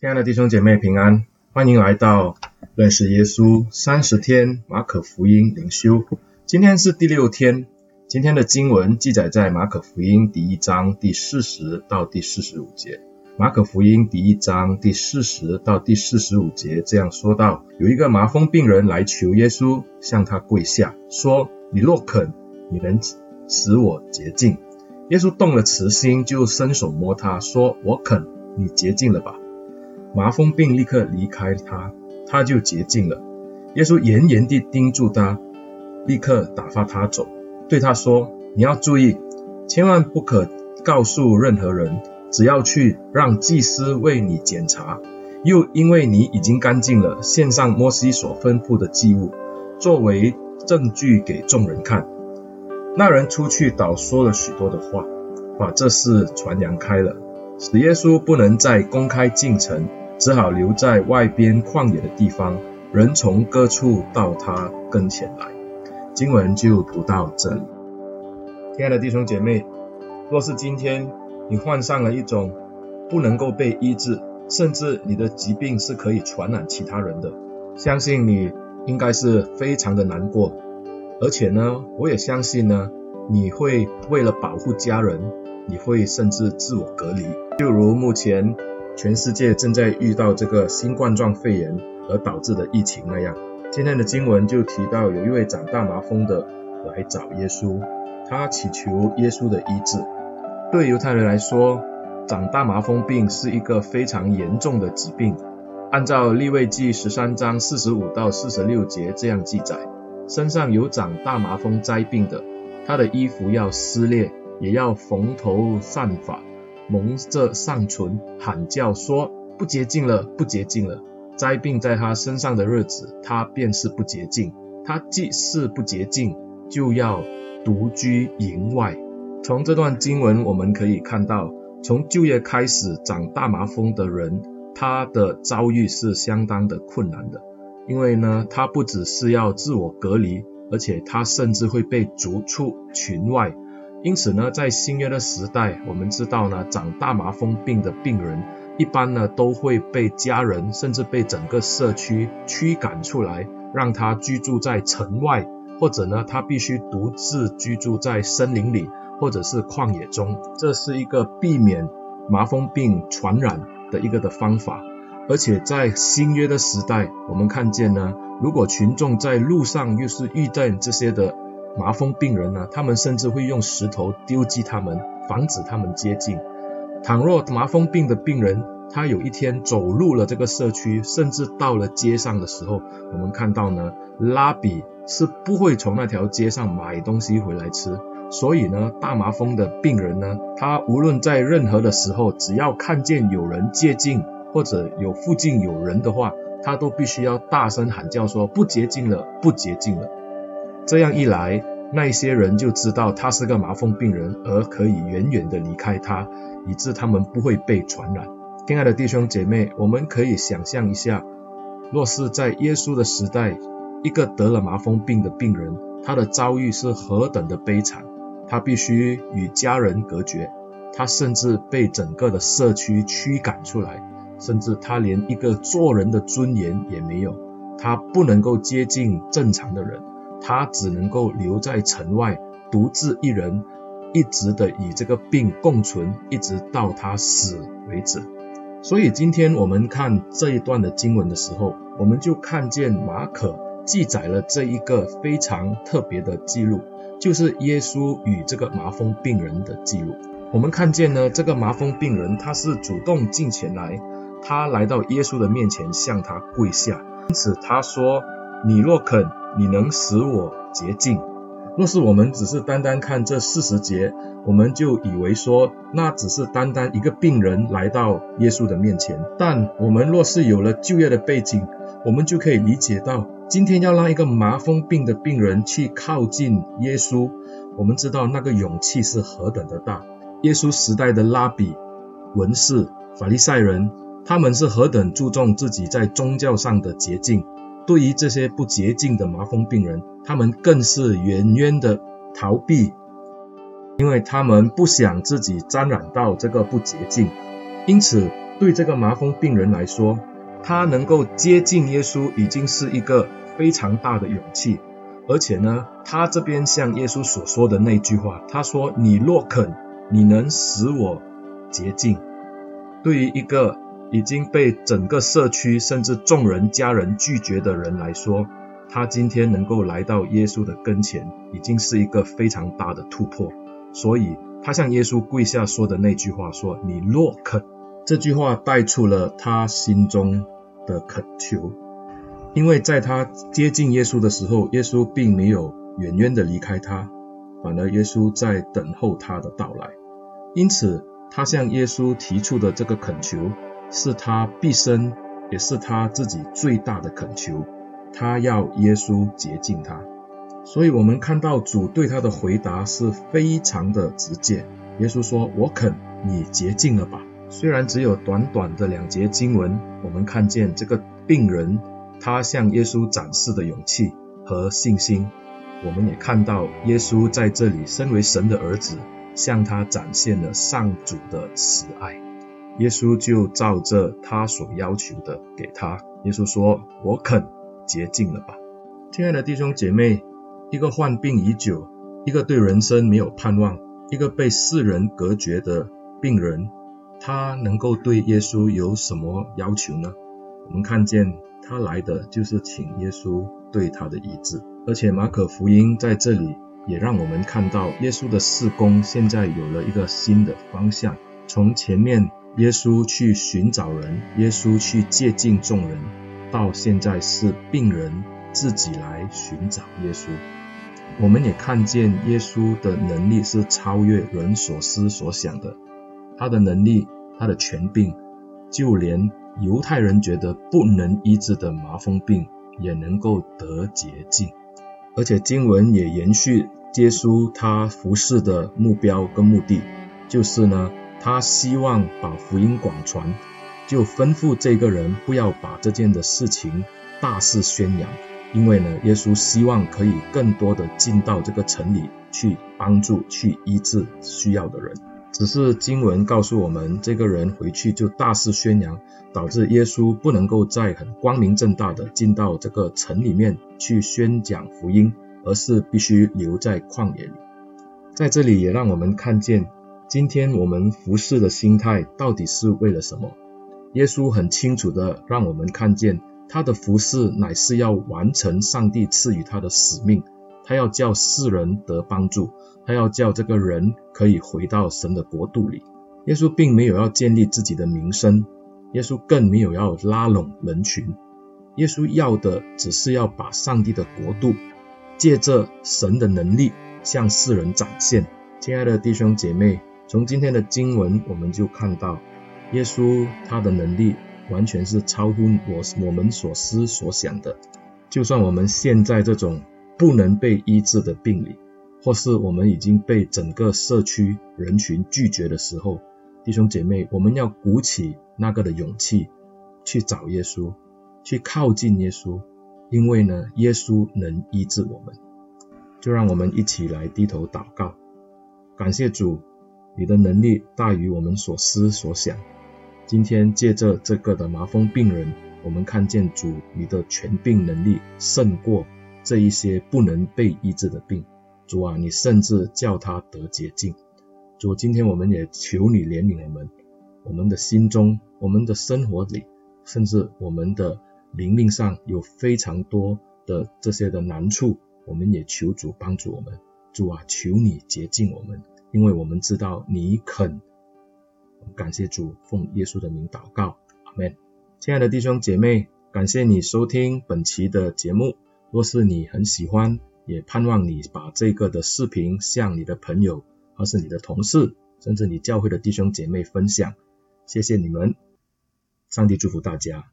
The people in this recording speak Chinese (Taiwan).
親愛的弟兄姐妹平安，歡迎來到認識耶穌三十天馬可福音靈修。今天是第六天，今天的經文記載在馬可福音第一章第四十到第四十五節。馬可福音第一章第四十到第四十五節這樣說道，有一個麻風病人來求耶穌，向他跪下說：“你若肯，你能使我潔淨。”耶穌動了慈心，就伸手摸他，說：“我肯，你潔淨了吧。”麻風病立刻離開他，他就潔淨了。耶穌嚴嚴地盯住他，立刻打發他走，對他說：“你要注意，千萬不可告訴任何人。只要去讓祭司為你檢查，又因為你已經乾淨了，獻上摩西所吩咐的祭物，作為證據給眾人看。”那人出去，倒說了許多的話，把這事傳揚開了，使耶穌不能再公開進城。只好留在外邊曠野的地方，人從各處到他跟前來。經文就讀到這裡。親愛的弟兄姐妹，若是今天你患上了一種不能夠被醫治，甚至你的疾病是可以傳染其他人的，相信你應該是非常的難過。而且呢，我也相信呢，你會為了保護家人，你會甚至自我隔離。就如目前。全世界正在遇到這個新冠狀肺炎而導致的疫情那樣，今天的經文就提到有一位長大麻風的來找耶穌，他祈求耶穌的醫治。對猶太人來說，長大麻風病是一個非常嚴重的疾病。按照利未記十三章四十五到四十六節這樣記載，身上有長大麻風災病的，他的衣服要撕裂，也要蓬頭散髮。蒙着上唇，喊叫說：“不潔淨了，不潔淨了！災病在他身上的日子，他便是不潔淨。他既是不潔淨，就要獨居營外。”從這段經文我們可以看到，從舊約開始，長大麻風的人，他的遭遇是相當的困難的，因為呢，他不只是要自我隔離，而且他甚至會被逐出群外。因此呢，在新約的時代，我們知道呢，長大麻風病的病人，一般呢都會被家人甚至被整個社區驅趕出來，讓他居住在城外，或者呢他必須獨自居住在森林裡或者是曠野中，這是一個避免麻風病傳染的一個的方法。而且在新約的時代，我們看見呢，如果群眾在路上又是遇到這些的。麻風病人呢、啊，他們甚至會用石頭丟擲他們，防止他們接近。倘若麻風病的病人他有一天走入了這個社區，甚至到了街上的時候，我們看到呢，拉比是不會從那條街上買東西回來吃。所以呢，大麻風的病人呢，他無論在任何的時候，只要看見有人接近，或者有附近有人的話，他都必須要大聲喊叫說：不潔淨了，不潔淨了。這樣一來，那些人就知道他是個麻風病人，而可以遠遠的離開他，以致他們不會被傳染。親愛的弟兄姐妹，我們可以想象一下，若是在耶穌的時代，一個得了麻風病的病人，他的遭遇是何等的悲慘。他必須與家人隔絕，他甚至被整個的社區驅趕出來，甚至他連一個做人的尊嚴也沒有，他不能夠接近正常的人。他只能夠留在城外，獨自一人，一直的與這個病共存，一直到他死為止。所以今天我們看這一段的經文的時候，我們就看見馬可記載了這一個非常特別的記錄，就是耶穌與這個麻風病人的記錄。我們看見呢，這個麻風病人他是主動進前來，他來到耶穌的面前向他跪下，因此他說：“你若肯。”你能使我潔淨。若是我們只是單單看這四十節，我們就以為說，那只是單單一個病人來到耶穌的面前。但我們若是有了舊約的背景，我們就可以理解到，今天要讓一個麻風病的病人去靠近耶穌，我們知道那個勇氣是何等的大。耶穌時代的拉比、文士、法利賽人，他們是何等注重自己在宗教上的潔淨。對於這些不潔淨的麻風病人，他們更是遠遠的逃避，因為他們不想自己沾染到這個不潔淨。因此，對這個麻風病人來說，他能夠接近耶穌，已經是一個非常大的勇氣。而且呢，他這邊向耶穌所說的那句話，他說：“你若肯，你能使我潔淨。”對於一個已經被整個社區甚至眾人家人拒絕的人來說，他今天能夠來到耶穌的跟前，已經是一個非常大的突破。所以，他向耶穌跪下說的那句話說：“你若肯”，這句話帶出了他心中的懇求，因為在他接近耶穌的時候，耶穌並沒有遠遠的離開他，反而耶穌在等候他的到來。因此，他向耶穌提出的這個懇求。是他畢生，也是他自己最大的懇求，他要耶穌潔淨他。所以，我們看到主對他的回答是非常的直接。耶穌說：“我肯，你潔淨了吧。”雖然只有短短的兩節經文，我們看見這個病人他向耶穌展示的勇氣和信心，我們也看到耶穌在這裡身為神的兒子，向他展現了上主的慈愛。耶穌就照着他所要求的給他。耶穌說：“我肯潔淨了吧。”親愛的弟兄姐妹，一個患病已久、一個對人生沒有盼望、一個被世人隔絕的病人，他能夠對耶穌有什麼要求呢？我們看見他來的就是請耶穌對他的醫治。而且馬可福音在這裡也讓我們看到，耶穌的事工現在有了一個新的方向，從前面。耶穌去尋找人，耶穌去接近眾人，到現在是病人自己來尋找耶穌。我們也看見耶穌的能力是超越人所思所想的，他的能力，他的權柄，就連猶太人覺得不能醫治的麻風病，也能夠得潔淨。而且經文也延續耶穌他服侍的目標跟目的，就是呢。他希望把福音廣傳，就吩咐這個人不要把這件的事情大肆宣揚，因為呢，耶穌希望可以更多的進到這個城裡去幫助、去醫治需要的人。只是經文告訴我們，這個人回去就大肆宣揚，導致耶穌不能夠再很光明正大的進到這個城裡面去宣講福音，而是必須留在曠野裡。在這裡也讓我們看見。今天我們服侍的心態到底是為了什麼？耶穌很清楚地讓我們看見，他的服侍乃是要完成上帝賜予他的使命，他要叫世人得幫助，他要叫這個人可以回到神的國度裡。耶穌並沒有要建立自己的名聲，耶穌更沒有要拉攏人群，耶穌要的只是要把上帝的國度借着神的能力向世人展現。親愛的弟兄姐妹。從今天的經文，我們就看到耶穌他的能力完全是超乎我我們所思所想的。就算我們現在這種不能被醫治的病理，或是我們已經被整個社區人群拒絕的時候，弟兄姐妹，我們要鼓起那個的勇氣去找耶穌，去靠近耶穌，因為呢，耶穌能醫治我們。就讓我們一起來低頭禱告，感謝主。你的能力大於我們所思所想。今天借着這個的麻風病人，我們看見主，你的全病能力勝過這一些不能被醫治的病。主啊，你甚至叫他得潔淨。主，今天我們也求你憐憫我們。我們的心中、我們的生活裡，甚至我們的靈命上有非常多的這些的難處，我們也求主幫助我們。主啊，求你潔淨我們。因為我們知道你肯，感謝主，奉耶穌的名禱告，阿門。親愛的弟兄姐妹，感謝你收聽本期的節目。若是你很喜歡，也盼望你把這個的視頻向你的朋友，或是你的同事，甚至你教會的弟兄姐妹分享。謝謝你們，上帝祝福大家。